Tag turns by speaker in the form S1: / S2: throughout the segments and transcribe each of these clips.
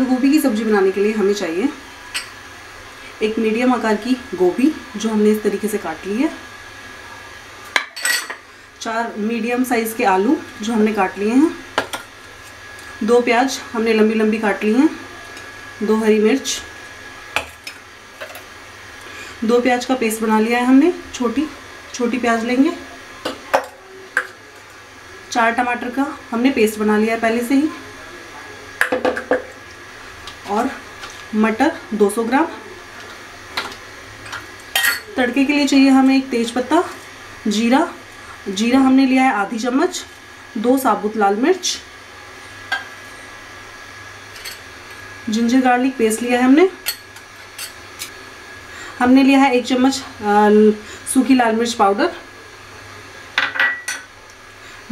S1: आलू गोभी की सब्ज़ी बनाने के लिए हमें चाहिए एक मीडियम आकार की गोभी जो हमने इस तरीके से काट ली है चार मीडियम साइज़ के आलू जो हमने काट लिए हैं दो प्याज हमने लंबी लंबी काट ली हैं दो हरी मिर्च दो प्याज का पेस्ट बना लिया है हमने छोटी छोटी प्याज लेंगे चार टमाटर का हमने पेस्ट बना लिया है पहले से ही मटर 200 ग्राम तड़के के लिए चाहिए हमें एक तेज पत्ता जीरा जीरा हमने लिया है आधी चम्मच दो साबुत लाल मिर्च जिंजर गार्लिक पेस्ट लिया है हमने हमने लिया है एक चम्मच सूखी लाल मिर्च पाउडर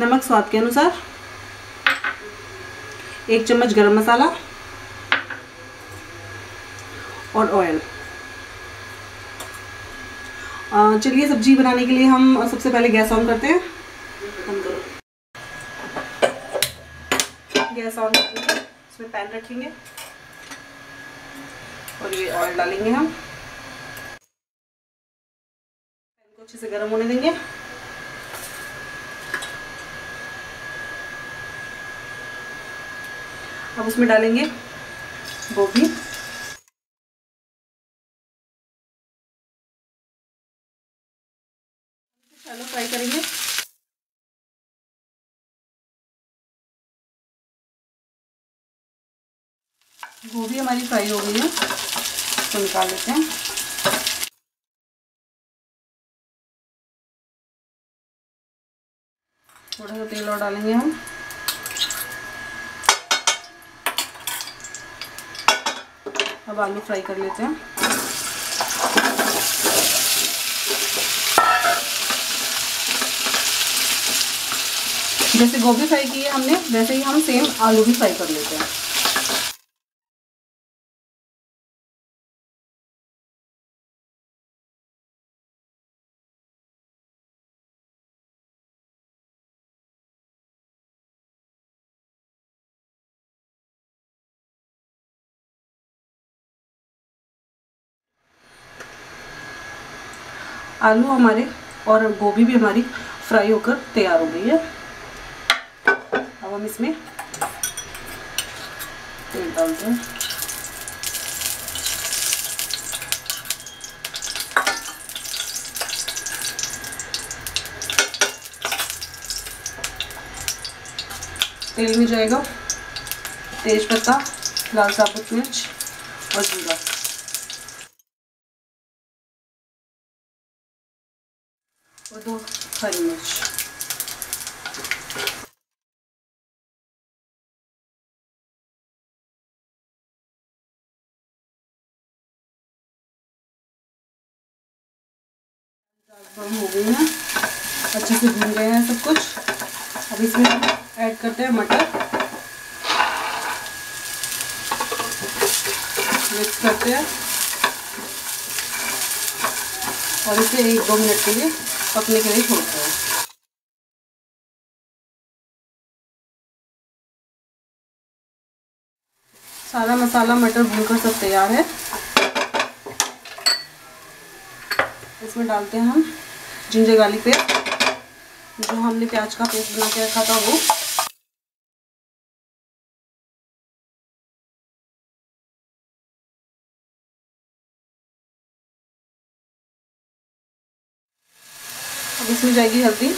S1: नमक स्वाद के अनुसार एक चम्मच गरम मसाला और ऑयल चलिए सब्जी बनाने के लिए हम सबसे पहले गैस ऑन करते हैं गैस ऑन इसमें पैन रखेंगे और ये ऑयल डालेंगे हम पैन को अच्छे से गर्म होने देंगे अब उसमें डालेंगे गोभी
S2: गोभी हमारी फ्राई हो गई है तो निकाल लेते हैं
S1: थोड़ा सा तेल और डालेंगे हम अब आलू फ्राई कर लेते हैं जैसे गोभी फ्राई की है हमने वैसे ही हम सेम आलू भी फ्राई कर लेते हैं आलू हमारे और गोभी भी हमारी फ्राई होकर तैयार हो गई है अब हम इसमें तेल डालते हैं तेल में जाएगा तेज पत्ता लाल साबुत मिर्च और जीरा
S2: हम हो गई हैं अच्छे
S1: से भून गए हैं सब कुछ अब इसमें ऐड करते हैं मटर मिक्स करते हैं और इसे एक दो मिनट के लिए पकने के लिए छोड़ते हैं सारा मसाला मटर भूनकर सब तैयार है इसमें डालते हैं हम जिंजर गार्लिक पेस्ट जो हमने प्याज का पेस्ट बना के रखा था वो
S2: अब इसमें जाएगी हल्दी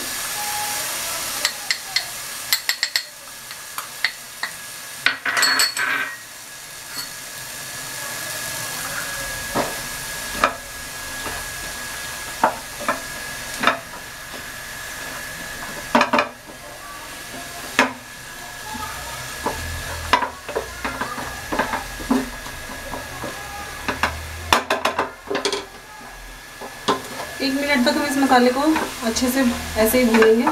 S1: एक मिनट तक हम इस मसाले को अच्छे से ऐसे
S2: ही भूनेंगे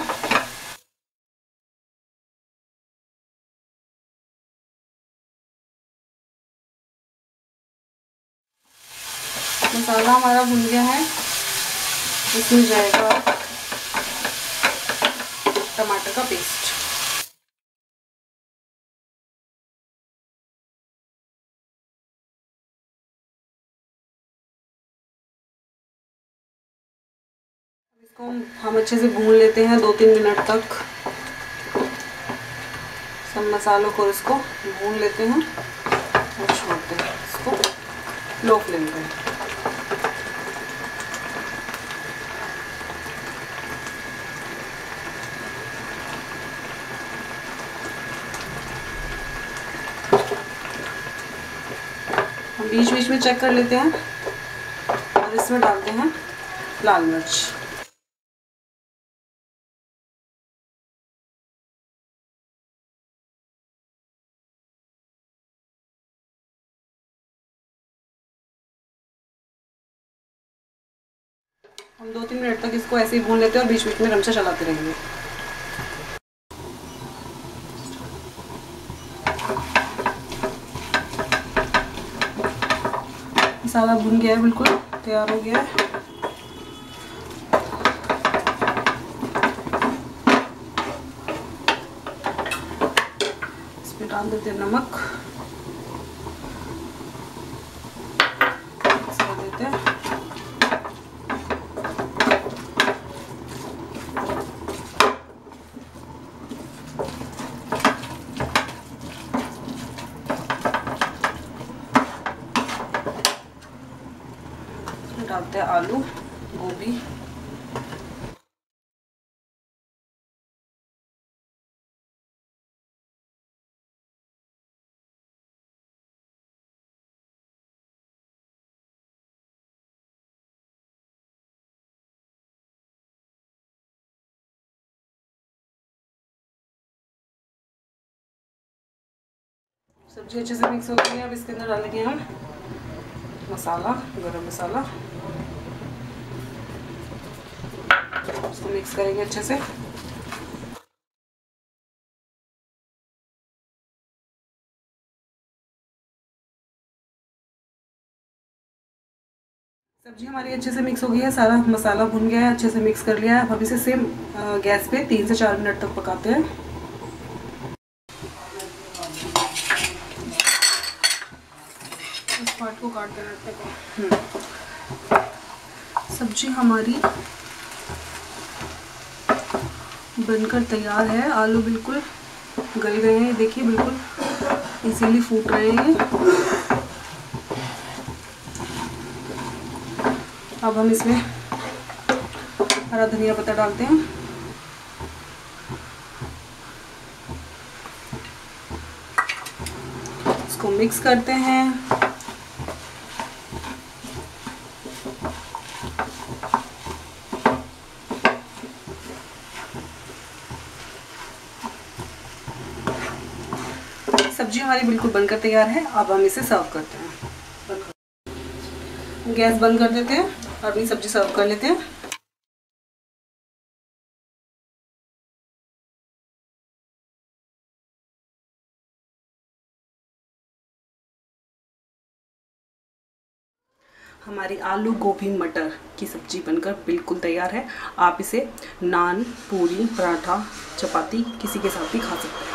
S2: मसाला हमारा भुन गया है इसमें जाएगा टमाटर का पेस्ट इसको हम अच्छे से भून
S1: लेते हैं दो तीन मिनट तक सब मसालों को इसको भून लेते हैं और छोड़ते हैं इसको लो फ्लेम पे बीच बीच में चेक कर लेते हैं और इसमें डालते हैं लाल मिर्च हम दो तीन मिनट तक इसको ऐसे ही भून लेते हैं और बीच बीच में रमचा चलाते रहेंगे मसाला भुन गया है बिल्कुल तैयार हो गया है इसमें डाल देते हैं नमक देते हैं डालते हैं आलू गोभी सब्जी अच्छे से मिक्स हो गई है अब इसके अंदर डालेंगे हम मसाला गरम मसाला उसको मिक्स करेंगे अच्छे से सब्जी हमारी अच्छे से मिक्स हो गई है सारा मसाला भुन गया है अच्छे से मिक्स कर लिया है अब इसे सेम गैस पे तीन से चार मिनट तक पकाते हैं इस पार्ट को काट देना हम्म। सब्जी हमारी बनकर तैयार है आलू बिल्कुल गल गए हैं देखिए बिल्कुल इजीली फूट रहे हैं अब हम इसमें हरा धनिया पत्ता डालते हैं इसको मिक्स करते हैं हमारी बिल्कुल बनकर तैयार है अब हम इसे सर्व करते हैं गैस बंद कर देते हैं और अपनी सब्जी सर्व कर लेते हैं हमारी आलू गोभी मटर की सब्जी बनकर बिल्कुल तैयार है आप इसे नान पूरी पराठा चपाती किसी के साथ भी खा सकते हैं